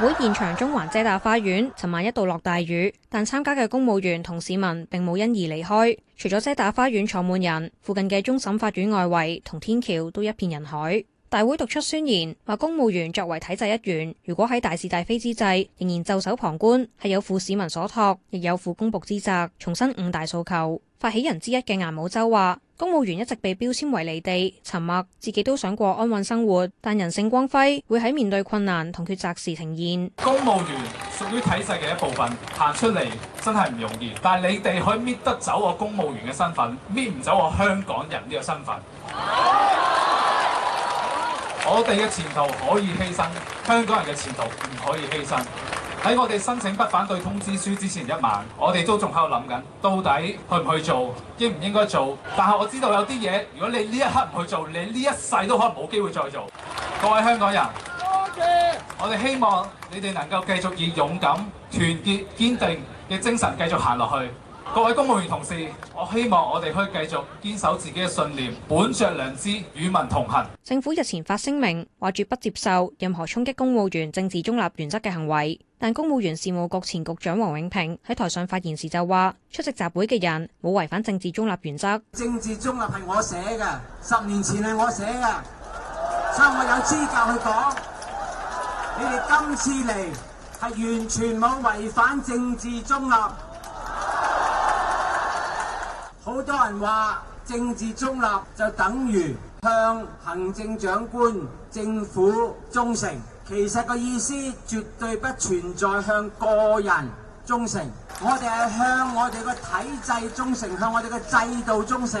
會現場中環遮打花園，尋晚一度落大雨，但參加嘅公務員同市民並冇因而離開。除咗遮打花園坐滿人，附近嘅終審法院外圍同天橋都一片人海。大會讀出宣言，話公務員作為體制一員，如果喺大是大非之際仍然袖手旁觀，係有負市民所託，亦有負公僕之責。重申五大訴求。發起人之一嘅顏武洲話。公務員一直被標籤為離地、沉默，自己都想過安穩生活，但人性光輝會喺面對困難同抉擇時呈現。公務員屬於體制嘅一部分，行出嚟真係唔容易，但係你哋可以搣得走我公務員嘅身份，搣唔走我香港人呢個身份。 我哋嘅前途可以犧牲，香港人嘅前途唔可以犧牲。喺我哋申請不反對通知書之前一晚，我哋都仲喺度諗緊，到底去唔去做，應唔應該做？但係我知道有啲嘢，如果你呢一刻唔去做，你呢一世都可能冇機會再做。各位香港人，多謝！我哋希望你哋能夠繼續以勇敢、團結、堅定嘅精神繼續行落去。各位公務員同事，我希望我哋可以繼續堅守自己嘅信念，本着良知與民同行。政府日前發聲明話，絕不接受任何衝擊公務員政治中立原則嘅行為。但公務員事務局前局長王永平喺台上發言時就話：出席集會嘅人冇違反政治中立原則。政治中立係我寫嘅，十年前係我寫嘅，所以我有資格去講。你哋今次嚟係完全冇違反政治中立。好多人話政治中立就等於向行政長官政府忠誠，其實個意思絕對不存在向個人忠誠。我哋係向我哋個體制忠誠，向我哋個制度忠誠。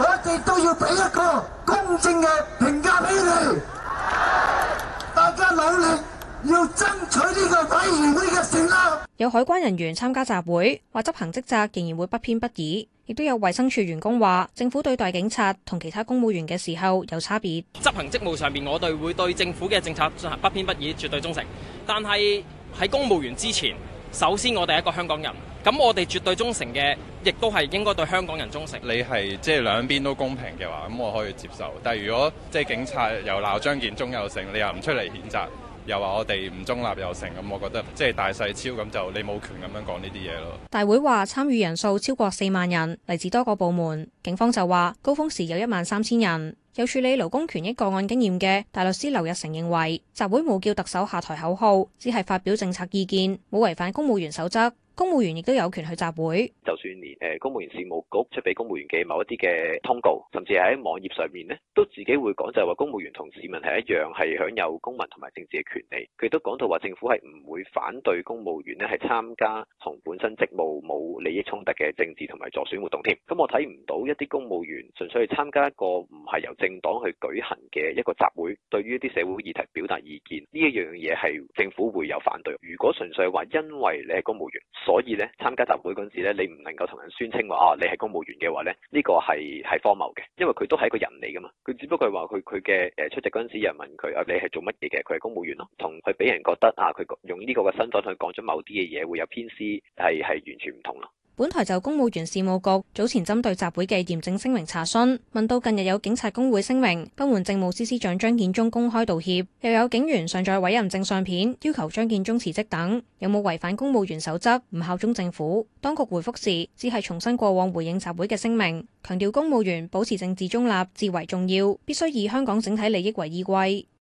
我哋都要俾一個公正嘅評價俾你。大家努力，要爭取呢個體現呢個成立。有海關人員參加集會，話執行職責仍然會不偏不倚。亦都有衛生署員工話，政府對待警察同其他公務員嘅時候有差別。執行職務上面，我哋會對政府嘅政策進行不偏不倚，絕對忠誠。但係喺公務員之前，首先我哋係一個香港人。咁我哋絕對忠誠嘅，亦都係應該對香港人忠誠。你係即係兩邊都公平嘅話，咁我可以接受。但係如果即係、就是、警察又鬧張建忠又成，你又唔出嚟譴責，又話我哋唔中立又成，咁我覺得即係、就是、大細超咁就你冇權咁樣講呢啲嘢咯。大會話參與人數超過四萬人，嚟自多個部門。警方就話高峰時有一萬三千人。有處理勞工權益個案經驗嘅大律師劉日成認為集會冇叫特首下台口號，只係發表政策意見，冇違反公務員守則。公務員亦都有權去集會，就算連誒公務員事務局出俾公務員嘅某一啲嘅通告，甚至係喺網頁上面呢，都自己會講就係話公務員同市民係一樣係享有公民同埋政治嘅權利。佢亦都講到話政府係唔會反對公務員呢係參加同本身職務冇利益衝突嘅政治同埋助選活動添。咁我睇唔到一啲公務員純粹係參加一個唔係由政黨去舉行嘅一個集會，對於一啲社會議題表達意見呢一樣嘢係政府會有反對。如果純粹係話因為你係公務員，所以咧，參加集會嗰陣時咧，你唔能夠同人宣稱話啊，你係公務員嘅話咧，呢個係係荒謬嘅，因為佢都係一個人嚟噶嘛，佢只不過係話佢佢嘅誒出席嗰陣時有人問佢啊，你係做乜嘢嘅？佢係公務員咯，同佢俾人覺得啊，佢用呢個嘅身份去講咗某啲嘅嘢，會有偏私，係係完全唔同咯。本台就公務員事務局早前針對集會嘅嚴正聲明查詢，問到近日有警察工會聲明不滿政務司司長張建忠公開道歉，又有警員上載委任證相片要求張建忠辭職等，有冇違反公務員守則唔效忠政府？當局回覆時只係重新過往回應集會嘅聲明，強調公務員保持政治中立至為重要，必須以香港整體利益為依歸。